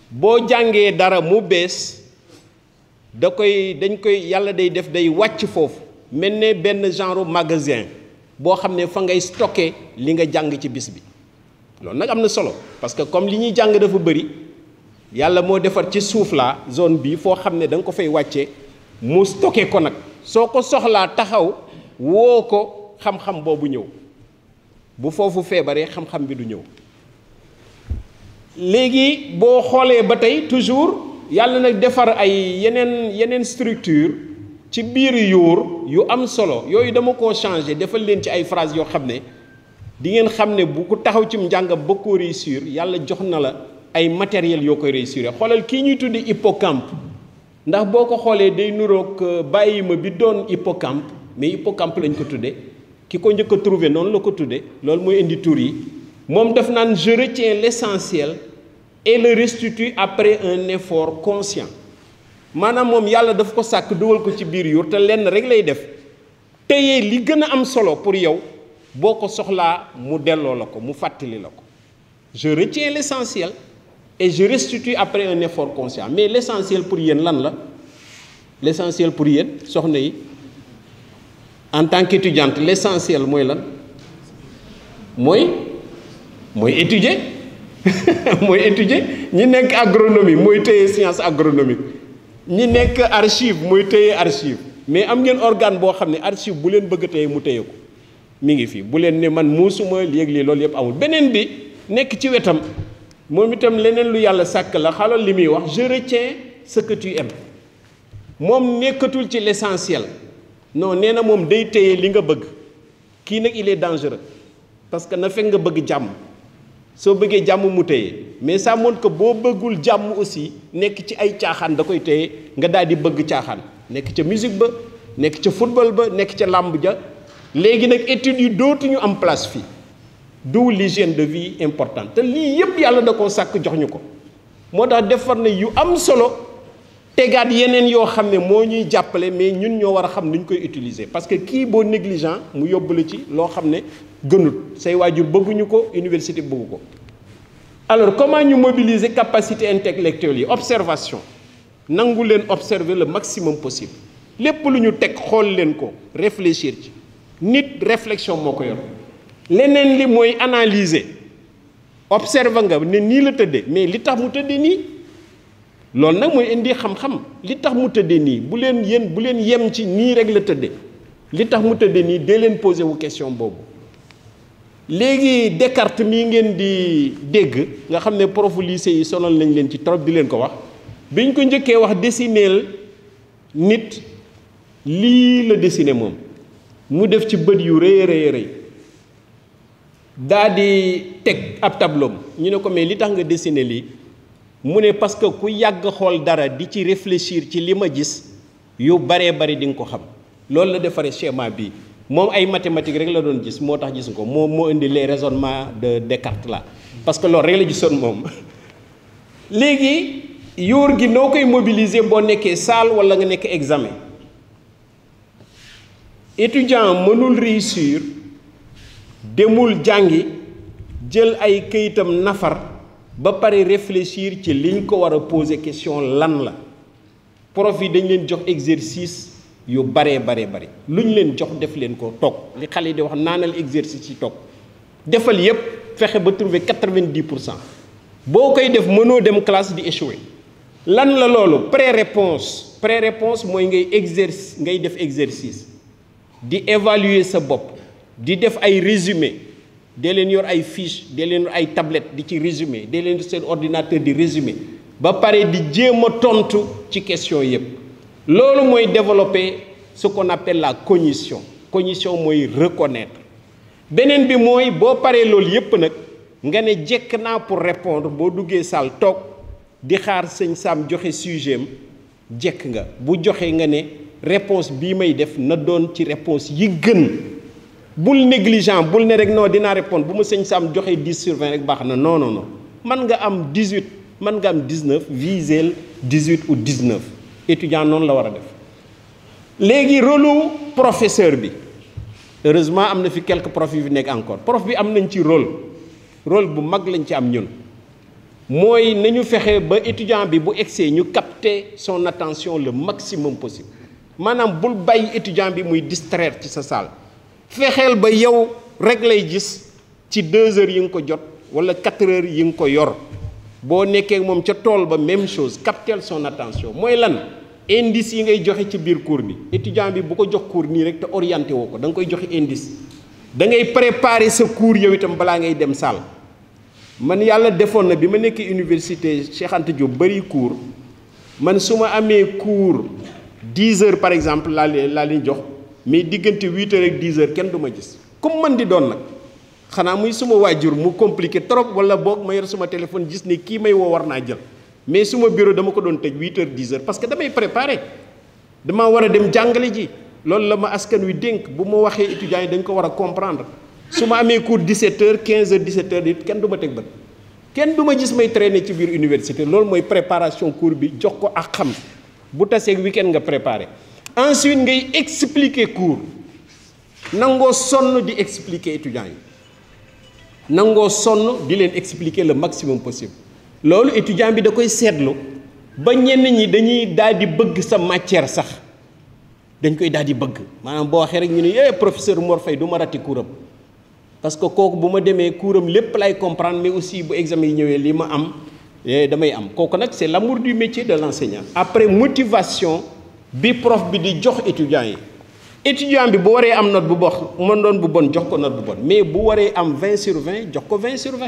boo jàngee dara mu bees da koy dañ koy yàlla day def day wàcc foofu mel ne benn genre magasin boo xam ne fa ngay stocké li nga jàng ci bis bi loolu nag am na solo parce que comme li ñuy jàng dafa bëri yàlla moo defar ci suuf laa zone bii foo xam ne danga ko fay wàcce mu stocké ko nag soo ko soxlaa taxaw woo ko xam-xam boobu ñëw bu foofu feebaree xam-xam bi du ñëw léegi boo xoolee ba tey toujours yàlla nag defar ay yeneen yeneen structure ci biir yu am solo yooyu dama koo changé defal phrase yoo xam di ngeen xam bu ko taxaw ci ba la ay matériel yoo koy réussir xoolal kii ñuy hippocampe ndax boo ko day nuroog euh, hippocampe mais hippocampe lañ ko tuddee ki ko njëkk a indi yi je retiens l'essentiel et le restitue après un effort conscient manam mom yalla daf ko sak dugal ko ci biir yuur te len rek lay def téye li gëna am solo pour yow boko soxla mu dello la mu fàttali lako je retiens l'essentiel et je restitue après un effort conscient mais l'essentiel pour yéen lan la l'essentiel pour yéen soxna yi en tant qu'étudiante l'essentiel moy lan moy moy étudier (laughs) moy étudier ñi nek agronomie moy téye science agronomique ñi nekk archive muy téye archive mais am ngeen organe boo xam ne archive bu leen bëgg a mu téye ko mi ngi fii bu leen ne man muusuma léegi lii loolu yëpp amul beneen bi nekk ci wetam moom itam leneen lu yàlla sàkk la xalal li muy wax je retiens ce que moom nekkatul ci l'essentiel no nee na moom day téye li nga bëgg kii nag il est dangereux parce que na fekk nga bëgg jàmm soo bëggee jàmm mu téye mais ça montre que boo bëggul jàmm aussi nekk ci ay caaxaan da koy téye nga daal di bëgg caaxaan nekk ca musique ba nekk ca football ba nekk ca làmb ja léegi nag études yi dootuñu am place fii d'où l'hygiène de vie important te lii yëpp yàlla da koo sàkk jox ñu ko moo tax defar na yu am solo tegaat yeneen yoo xam ne moo ñuy jàppale mais ñun ñoo war a xam ni ñu koy utiliser parce que kii boo négligent mu yóbbu la ci loo xam ne gënut say waajur bëgguñu ko université bëggu ko alors comment ñu mobiliser capacité intellectuelle observation nangu observer le maximum possible Les lu nous teg xool ko réfléchir ci nit réflexion moo ko yor li moy analyser observer nga ne nii la tëddee mais li tax mu ni. nii loolu nag mooy indi xam-xam li tax mu tëddee nii bu bu yem ci ni rek la tëddee li tax mu tëddee nii poser wu question bobo. léegi Descartes mii ngeen di dégg nga xam ne profu lycée yi sonal nañ leen ci trop di leen ko wax biñ ko njëkkee wax dessineel nit lii la dessiné moom mu def ci bët yu rëy rëy rëy daa di teg ab tableau ñu ne ko mais li tax nga dessiné lii mu ne parce que ku yàgg xool dara di ci réfléchir ci li ma gis yu baree bari di nga ko xam loolu la defaree schéma bi mom ay mathématiques rek la doon gis motax gis ko mom mo indi les raisonnements de Descartes là parce que loolu rek la gisone mom légui yor gi nokay mobiliser bo nekké salle wala nga nekk examen étudiant mënul réussir demul jangi jël ay këyitam nafar ba paré réfléchir ci liñ ko wara poser question lan la prof yi dañ leen jox exercice yu baree baree bari luñ leen jox def leen ko tok li xale di wax nanal exercice ci tok defal yépp fexé ba trouver 90% bokay def mëno dem classe di échouer lan la lolu pré-réponse pré-réponse moy ngay exercice ngay def exercice di évaluer sa bop di def ay résumé dee leen yor ay fiche dee leen ay tablette di ci résumé dee leen seen ordinateur di résumé ba paré di jéem tontu ci question yépp lolu moy développer ce qu'on appelle la cognition cognition moy reconnaître benen bi moy bo paré loolu yépp nak nga né jekk na pour répondre bo duggé sal tok di xaar seigne Sam joxé sujet am nga bu joxé nga né réponse bi may def na doon ci réponse yi gën bul négligent bul né rek no dina répondre bu mo seigne Sam joxé 10 sur 20 rek baax na non non non man nga am 18 man nga am 19 visel 18 ou 19 étudiant non la wara def léegi rôle professeur bi heureusement amna fi quelques profs yu nek encore prof bi amnañ ci rôle rôle bu mag lañ ci am ñun moy nañu fexé ba étudiant bi bu egsee ñu capter son attention le maximum possible manam bul bàyyi étudiant bi muy distraire ci sa salle fexel ba yow rek lay gis ci deux heures yi nga ko jot wala quatre heures yi nga ko yor boo nekkee mom ci tol ba même chose capter son attention moy lan indice yi ngay joxe ci biir cours bi étudiant bi bu ko jox cours nii rek te orienté woo ko danga koy joxe indice da ngay préparer sa cours yow itam balaa ngay dem salle man yàlla defoon na bi ma nekk université Cheikh ju Diop bëri cours man su ma amee cours dix heures par exemple laa leen laa leen jox mais diggante huit heures ak dix heures kenn du ma gis comme man di doon nag xanaa muy suma waajur mu compliqué trop wala boog ma yor suma téléphone gis ne kii may woo war naa jël. mais suma bureau dama ko doon tëj huit heures dix heures parce que damay préparé dama war a dem jàngale ji loolu la ma askan wi dénk bu ma waxee étudiants yi dañ ko war a comprendre su ma amee cours 17 heures 15 heures 17 heures it kenn du ma teg bët kenn du ma gis may traîner ci biir université loolu mooy préparation cours bi jox ko ak xam bu tasee week-end nga préparé ensuite ngay expliquer cours nangoo sonn di expliquer étudiants yi nangoo sonn di leen expliquer le maximum possible lolou étudiant bi da koy sétlu ba ñenn ñi dañuy daal di bëgg sa matière sax dañ koy daal di bëgg manam bo waxe rek ñu ni eh professeur Mor Faye du ma rati kuuram parce que koku buma démé demee lepp lay comprendre mais aussi bu examen yi li ma am eh, damay am koku nak c'est l'amour du métier de l'enseignant après motivation bi prof bi di jox étudiant yi étudiant bi bu waré am note bu bokk mo ndon bu bon jox ko note bu bon mais bu waré am 20 sur 20 jox ko 20 sur 20.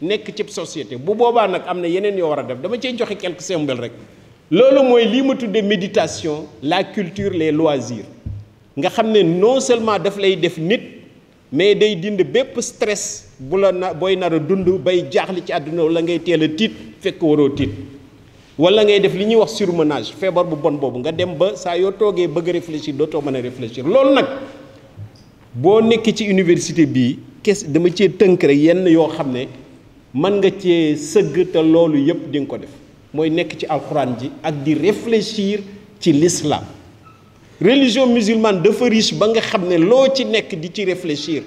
nek ci société bu boba nak amna yenen yo wara def dama cee joxe quelques sembel rek lolu moy li ma tuddee méditation la culture les loisirs nga xamné non seulement daf lay def nit mais day dind bépp stress bu la na booy nar dund bay jaxli ci aduna la ngay teel tit fekk waroo tit wala ngay def li ñuy wax surmenage febar bu bon bobu nga dem ba sa yo togué bëgg a réfléchir doto mën réfléchir lolu nak bo nek ci université bi, kes dama cee teunk rek yenn yo xamné man nga cee sëgg te loolu yépp di nga ko def mooy nekk ci alxuraan ji ak di réfléchir ci l'islam religion musulmane dafa riche ba nga xam ne loo ci nekk di ci réfléchir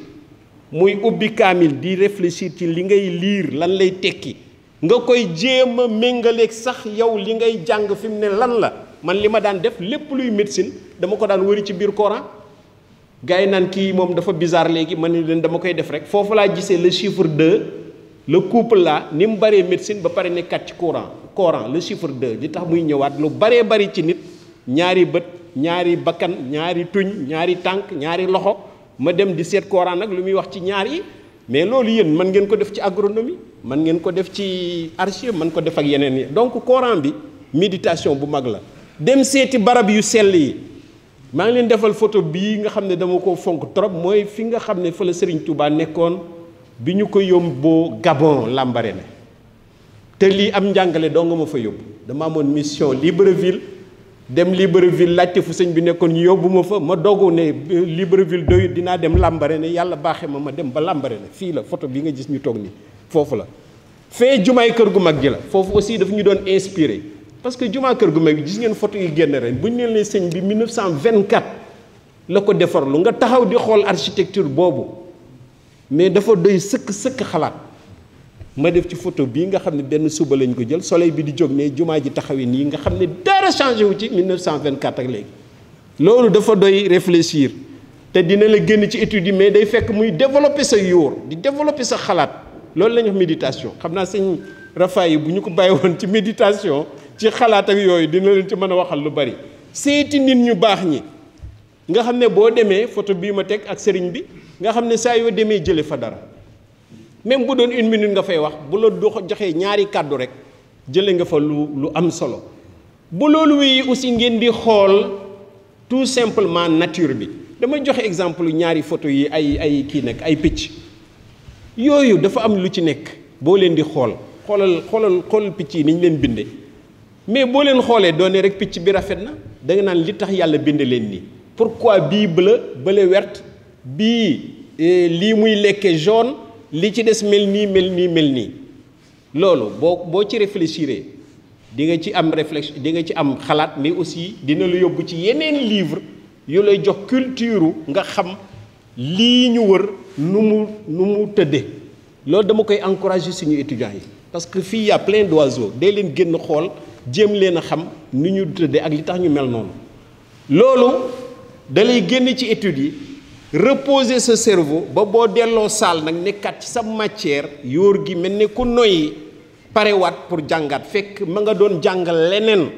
muy ubbi kaamil di réfléchir ci li ngay liir lan lay tekki nga koy jéem a méngaleeg sax yow li ngay jàng fi mu ne lan la man li ma daan def lépp luy médecine dama ko daan wëri ci biir Coran gars yi naan kii moom dafa bizarre léegi man ni leen dama koy def rek foofu laa gisee le chiffre 2 le couple la ni mu baree médecine ba pare nekkat ci courant courant le chiffre de li tax muy ñëwaat lu baree bëri ci nit ñaari bët ñaari bakkan ñaari tuñ ñaari tànk ñaari loxo ma dem di seet courant nag lu muy wax ci ñaar yi mais loolu yéen mën ngeen ko def ci agronomie mën ngeen ko def ci archive mën ko def ak yeneen yi donc courant bi méditation bu mag la dem seeti barab yu sell yi maa ngi leen defal photo bii nga xam ne dama ko fonk trop mooy fi nga xam ne fa Serigne Touba nekkoon bi ñu ko yóbboo Gabon Lambaréné te lii am njàngale doo nga ma fa yóbbu dama amoon mission Libreville dem Libreville laajte fu sëñ bi nekkoon ñu yóbbu ma fa ma dogu ne Libreville doyu dinaa dem Lambaréné yàlla baaxe ma ma dem ba Lambaréné fii la foto bi nga gis ñu toog nii foofu la fee jumaay kër gu mag ji la foofu aussi daf ñu doon inspiré parce que jumaa kër gu mag bi gis ngeen photo yi génn rek bu ñu leen sëñ bi 1924 la ko defar lu nga taxaw di xool architecture boobu mais dafa doy seuk seuk xalaat ma def ci photo bi nga xam ne benn suba lañ ko jël soleil bi di jog mais juma ji taxawee nii nga xam ne dara changé wu ci 1924 ak léegi. lolu dafa doy réfléchir té dina la génn ci étude mais day fekk muy développer sa yóor di développer sa xalaat lolu lañ wax méditation xamna señ sëñ Rafaay bu ñu ko bàyyi ci méditation ci xalaat ak yoy dina leen ci mëna waxal lu bari seeti nit ñu bax ñi. nga xam ne boo demee photo bii ma teg ak sëriñ bi nga xam ne saa yoo demee jële fa dara même bu doon une minute nga fay wax bu la dox joxee ñaari kàddu rek jële nga fa lu lu am solo bu loolu wéyi aussi ngeen di xool tout simplement nature bi damay joxe exemple ñaari photo yi ay ay kii nag ay picc yooyu dafa am lu ci nekk boo leen di xool xoolal xoolal xool picc yi ni leen binde mais boo leen xoolee doone rek picc bi rafet na da naan li tax yàlla binde leen nii pourquoi Bible, bleu verte, vert bii eh, li muy lekke jaune li ci des melni melni melni Lolo, bo nii ci réfléchiré di nga ci am réflexion di nga ci am xalaat mais aussi dina lu yóbbu ci yenen livre yu lay jox culture nga xam li ñu wër nu mu nu mu teudé loolu dama koy encourager suñu étudiant yi parce que fi y a plein d'oiseaux day leen génn xool jéem leen xam ni ñu teudé ak li tax ñu mel non loolu da génn ci études yi reposer sa cerveau ba boo delloo saal nag nekkaat ci sa matière yóor gi mel ni ku noyyi parewaat pour jàngaat fekk ma nga doon jàng leneen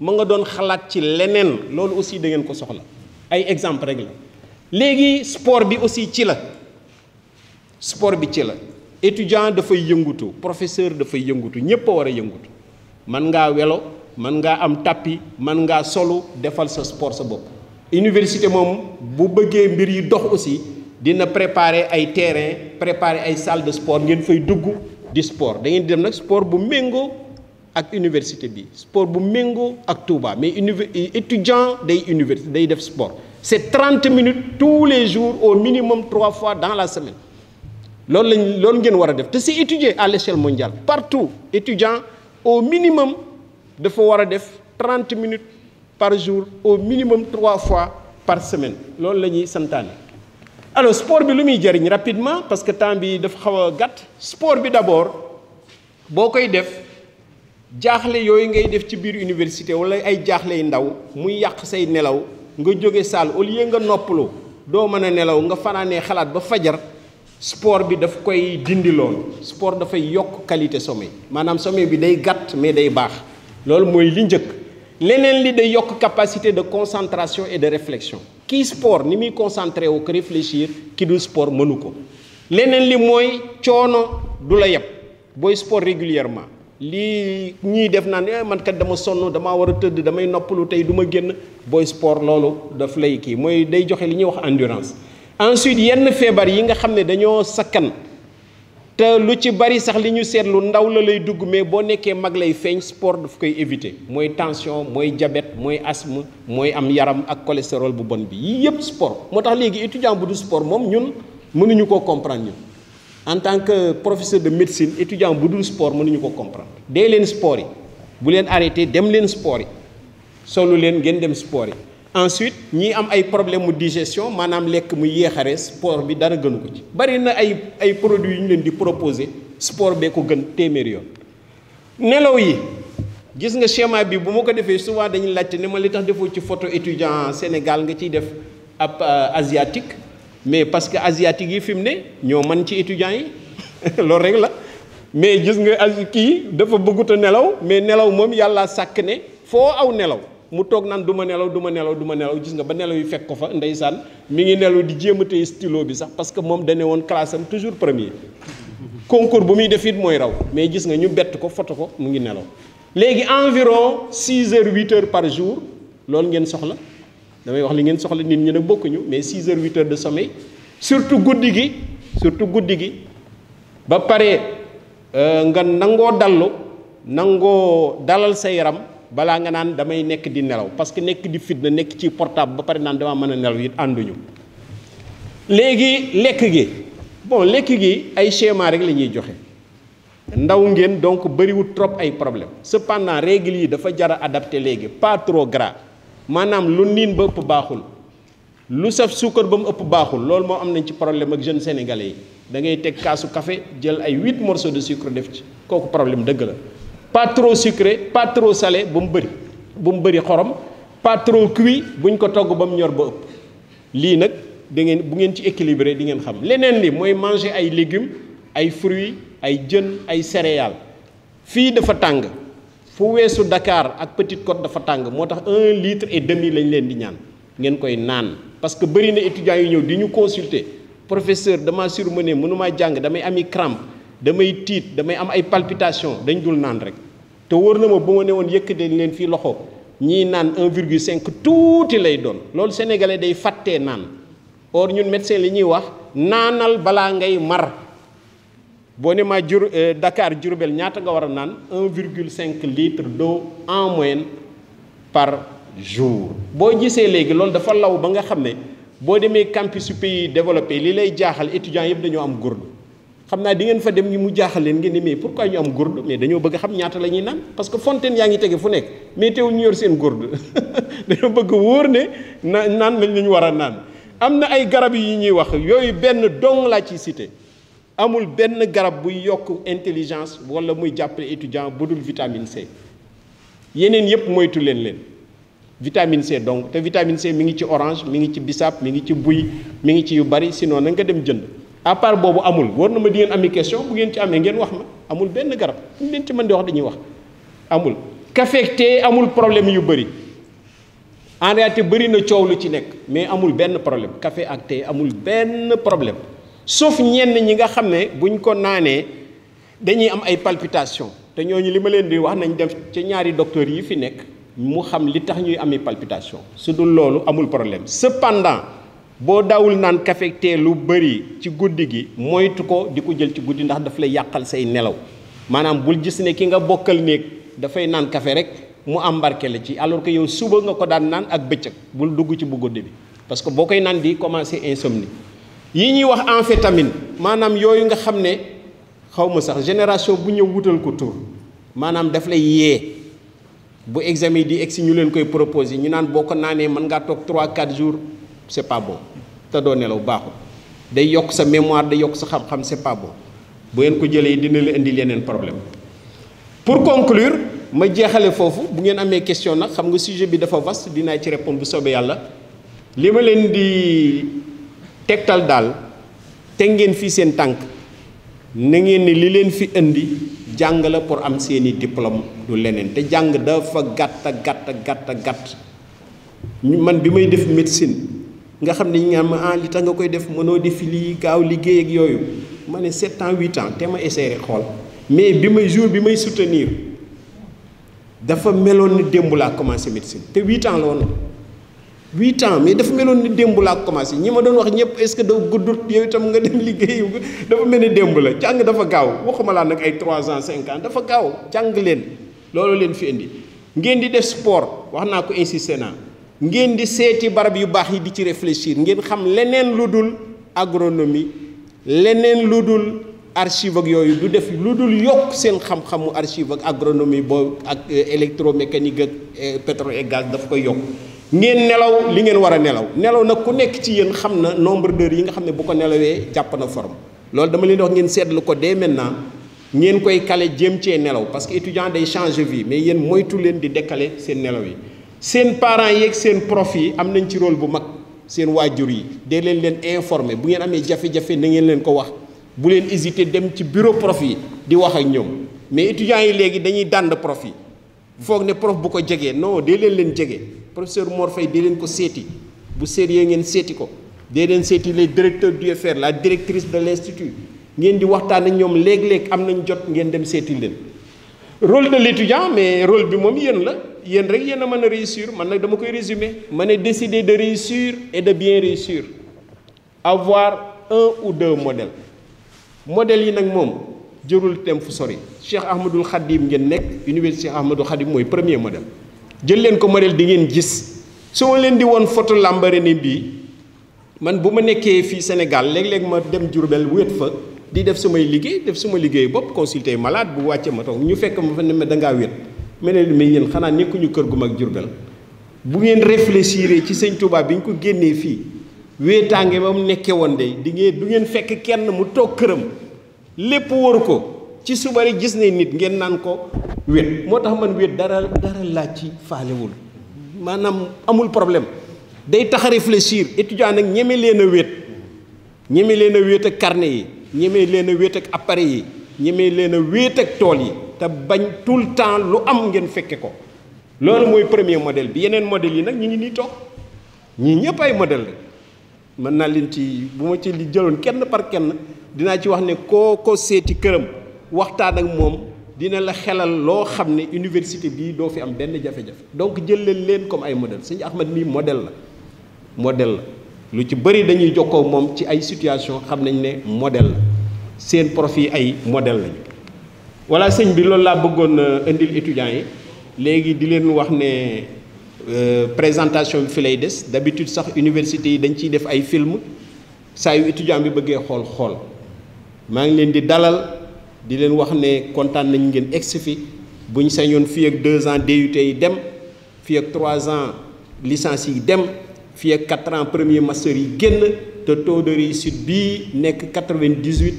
ma nga doon xalaat ci leneen loolu aussi da ngeen ko soxla ay exemple rek la léegi sport bi aussi ci la sport bi ci la étudiant dafay yëngutu professeur dafay yëngutu ñépp a war a yëngutu man ngaa welo man ngaa am tapis man ngaa solu defal sa sport sa bopp université si bu bëggee mbir yi aussi dina préparer ay terrain préparer ay salle de sport ngeen fay dugg di sport da ngeen di dem nak sport bu l'université. ak université bi sport bu tout ak Touba mais étudiant day université day def sport c'est 30 minutes tous les jours au minimum trois fois dans la semaine C'est lañ que ngeen def c'est étudié à l'échelle mondiale partout étudiants, au minimum dafa wara def 30 minutes par jour au minimum trois fois par semaine C'est la santane. alors sport bi le sport rapidement parce que temps bi dafa sport bi d'abord bokoy def jaxlé yoy ngay def ci biir université wala ay jaxlé ndaw muy yak say nelaw nga joggé salle au lieu nga do nga ba fajar sport bi daf koy dindi sport dafay yokk qualité sommeil manam sommeil bi day mais day bax lol moy leneen li yok capacité de concentration et de réflexion Qui sport ni mieux concentré ou que réfléchir qui du sport mënu ko sport? li moy coono du la sport régulièrement Li ni def eh, man dama a damay du sport endurance ensuite yenn y yi nga xamne dañoo te lu ci bari sax li ñu seetlu ndaw la lay dugg mais boo nekkee mag lay feeñ sport daf koy éviter mooy tension mooy diabète mooy asthme mooy am yaram ak cholestérol bu bon bi yii yëpp sport moo tax léegi étudiant bu du sport moom ñun mënuñu ko comprendre ñun en tant que professeur de médecine étudiant bu dul sport mënuñu ko comprendre dee leen sport yi bu leen arrêté dem leen sport yi solu leen ngeen dem sport yi ensuite ñi am ay problème de digestion manam lek mu yéex a sport bi dara gënu ko ci bari na ay ay produits yu ñu leen di proposer sport be ko gën téeméeri yoon nelaw yi gis nga schéma bi bu ma ko defee souvent dañuy laajte ne ma li tax defoo ci photo étudiant Sénégal nga ci def ab euh, asiatique mais parce que asiatique yi fi mu ne ñoo man ci étudiant yi (laughs) loolu rek la mais gis nga asi kii dafa bëggut a nelaw mais nelaw moom yàlla sàkk ne foo aw nelaw mu toog naan du ma nelaw duma nelaw du ma nelaw gis nga ba nelaw yi fekk ko fa ndeysaan mi ngi nelaw di jéem a téye stylo bi sax parce que moom dane woon classe am toujours premier concours bu muy def it mooy raw mais gis nga ñu bett ko foto ko mu ngi nelaw léegi environ 6 heures 8 heures par jour loolu ngeen soxla damay wax li ngeen soxla nit ñi ne bokkuñu mais 6 heures 8 de sommeil surtout guddi gi surtout guddi gi ba pare euh, nga nangoo dallu nangoo dalal sa yaram balaa nga naan damay nekk di nelaw parce que nekk di fitna nekk ci portable ba pare naan damaa mën a nelaw it ànduñu léegi lekk gi bon lekk gi ay schéma rek la ñuy joxe ndaw ngeen donc bëriwul trop ay problème cependant règle yi dafa jar a adapté léegi pas trop gras maanaam lu niin ba ëpp baaxul lu saf suukar ba mu ëpp baaxul loolu moo am nañ ci problème ak jeune sénégalais yi da teg kaasu café jël ay huit morceaux de sucre def ci kooku problème dëgg la pas trop sucré pas trop salé bu mu bëri bu mu bëri xorom pas trop cuit buñ ko togg ba mu ñor ba ëpp lii nag da ngeen bu ngeen ci équilibré di ngeen xam leneen li mooy manger ay légumes ay fruits ay jën ay céréales fii dafa tàng fu weesu Dakar ak Petite Côte dafa tàng moo tax un litre et demi lañ leen di ñaan ngeen koy naan parce que bëri na étudiants yu ñëw di ñu consulter professeur dama surmené mënumaa jàng damay ami crampe damay tiit damay am ay palpitations dañu dul naan rek te wóor na ma bu ma ne woon yëkkatee leen fii loxo ñii naan 1,5 tuuti lay doon loolu sénégalais day fàttee naan or ñun médecin li ñuy wax naanal balaa ngay mar boo ne ma jur euh, dakaar Diourbel ñaata nga war a naan un cinq litre do en moyenne par jour. boo gisee léegi loolu dafa law ba nga xam ne boo demee campus yu pays développé li lay jaaxal étudiants yëpp dañoo am gourde. xam naa di ngeen fa dem ñu mu jaaxal leen ngeen ne mais pourquoi ñu am gourde mais dañoo bëgg xam ñaata la ñuy naan parce que fontaine yaa ngi tege fu nekk mais teewul ñu yor seen gourde (laughs) dañoo bëgg wóor ne na naan lañ la ñu war a naan am na ay garab yi ñuy wax yooyu benn dong laa ci cité amul benn garab buy yokk intelligence wala muy jàppale étudiant bu dul vitamine C yeneen yëpp moytu leen leen vitamine C donc te vitamine C mi ngi ci orange mi ngi ci bisaab mi ngi ci buy mi ngi ci yu bari sinon na nga dem jënd à part boobu amul war na ma di ngeen ami question bu ngeen ci amee ngeen wax ma amul benn garab ñu leen ci mën di wax dañuy wax amul café amul problème yu bëri en bëri na coow lu ci nekk mais amul benn problème café ak té amul benn problème sauf ñenn ñi nga xam ne buñ ko naanee dañuy am ay palpitations te ñooñu li ma leen di wax nañ def ci ñaari docteurs yi fi nekk mu xam li tax ñuy ami palpitation su dul loolu amul problème cependant bo dawul nan café té lu bëri ci guddi gi moytu ko di jël ci goudi ndax daf lay yakal say nelaw manam bul gis ne ki nga bokkal néeg dafay nan café rek mu embarqué la ci alors que yow suba nga ko daan nan ak bëccëg bul dugg ci bu guddi bi parce que bokay nan di commencer insomnie yi ñi wax amphétamine maanaam yooyu nga xam ne sax génération bu ñew wutal ko tour manam daf lay yé bu examen di egsi ñu leen koy proposer ñu nan boko nané man nga tok 3 4 jours. c'est pas bon do doo law baxu day yok sa mémoire day yok sa xam-xam c'est pas bon bu ngeen ko jëlé dina la indi yeneen problème pour conclure ma jéxalé fofu bu ngeen amé question nak xam nga sujet bi dafa vaste dina ci répondre bu sobe yalla lima ma di tektal dal té ngeen fi sen tank na ngeen ni li leen fi indi jàng la pour am seeni diplôme du leneen té jang dafa gatta gatta gatta gatta man bi may def médecine nga suis ñi nga am ah li nga koy def mëno gaaw ak 7 ans 8 ans té ma essayé xol mais bi may jour bi may soutenir dafa médecine 8 ans la ans mais dafa meloon ni démb la commencé ñi ma doon wax ñëpp est-ce que guddut yow itam nga dem dafa la dafa gaaw waxuma ans cinq ans dafa gaaw de fi indi di def sport wax naa ko ngeen di seeti barab yu baax yi di ci réfléchir ngeen xam leneen lu agronomie leneen l'udul archive ak yooyu du def l'udul dul yokk seen xam-xamu archive ak agronomie boobu ak euh, électromécanique ak euh, pétrole et gaz daf koy yokk ngeen nelaw li ngeen war nelaw nelaw nag ku nekk ci yéen xam na nombre d'heures yi nga xam ne bu ko nelawee jàpp na forme loolu dama leen wax ngeen seetlu ko dès maintenant ngeen koy kale jéem cee nelaw parce que étudiant day changer vie mais yéen moytu leen di décaler seen nelaw yi seen parents yeeg seen prof yi am nañ ci rôle bu mag seen waajur yi de leen leen informer bu ngeen amee jafe-jafe na ngeen leen ko wax bu leen hésiter dem ci bureau prof yi di wax ak ñoom mais étudiants yi léegi dañuy dànd prof yi foog ne prof bu ko jegee non dee leen leen jege professeur Mor Faye dee leen ko seeti bu sérieux ngeen seeti ko dee leen seeti les directeurs du UFR la directrice de l'institut ngeen di waxtaan ak ñoom léeg-léeg am nañ jot ngeen dem seeti leen rôle de l'étudiant mais rôle bi moom yéen la yen rek yen a mën réussir man nak dama koy résumer mané ne décider de réussir et de bien réussir avoir un ou deux modèles modèle yi nak mom jërul tem fu sori Cheikh ahmadoul Khadim ngeen nek université Cheikh Ahmadul Khadim moy premier modèle jël len ko modèle di ngeen gis su len di won photo lambaré ni bi man buma ma fi Sénégal lég lég ma dem djourbel wéet fa di def sumay liggéey def suma liggéey bop consulter malade bu wàccee ma toog ñu fekk ma fa ne ma nga wéet mel ne mais yéen xanaa nekkuñu kër gu mag Jurbel bu ngeen réfléchir ci sëñ Touba bi ñu ko génnee fii wéetaange ba mu nekkee woon de di du ngeen fekk kenn mu toog këram lépp waru ko ci suba gis ne nit ngeen naan ko wét moo tax man wéet dara dara laaj ci faalewul maanaam amul problème day tax a réfléchir étudiant nag ñeme leen a wét ñeme leen a wét ak carnet yi ñeme leen a wét ak appareil yi ñemee leen a wéet ak tool yi te bañ tout temps lu am ngeen fekke ko loolu mooy premier modèle bi yeneen modèle yi nag ñu ngi nii toog ñii ñëpp ay modèle la mën naa leen ci bu ma ci li jëloon kenn par kenn dinaa ci wax ne koo ko seeti këram waxtaan ak moom dina la xelal loo xam ne université bii doo fi am benn jafe donc jël leen leen comme ay modèle sëñ Ahmad mii modèle la modèle la lu ci bëri dañuy jox jokkoo moom ci ay situation xam nañ ne modèle la un profil ay modèle voilà que bi loolu laa bëggoon euh, indil étudiants yi léegi di leen wax euh, présentation d'habitude sax université yi dañ film étudiant ngi dalal di wax fi deux ans DUT yi trois ans licence yi dem quatre ans premier master yi taux de réussite bii 98.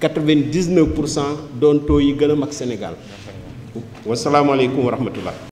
99% d'entre eux neuf pour cent doon taux yi gën Sénégal wa rahmatullah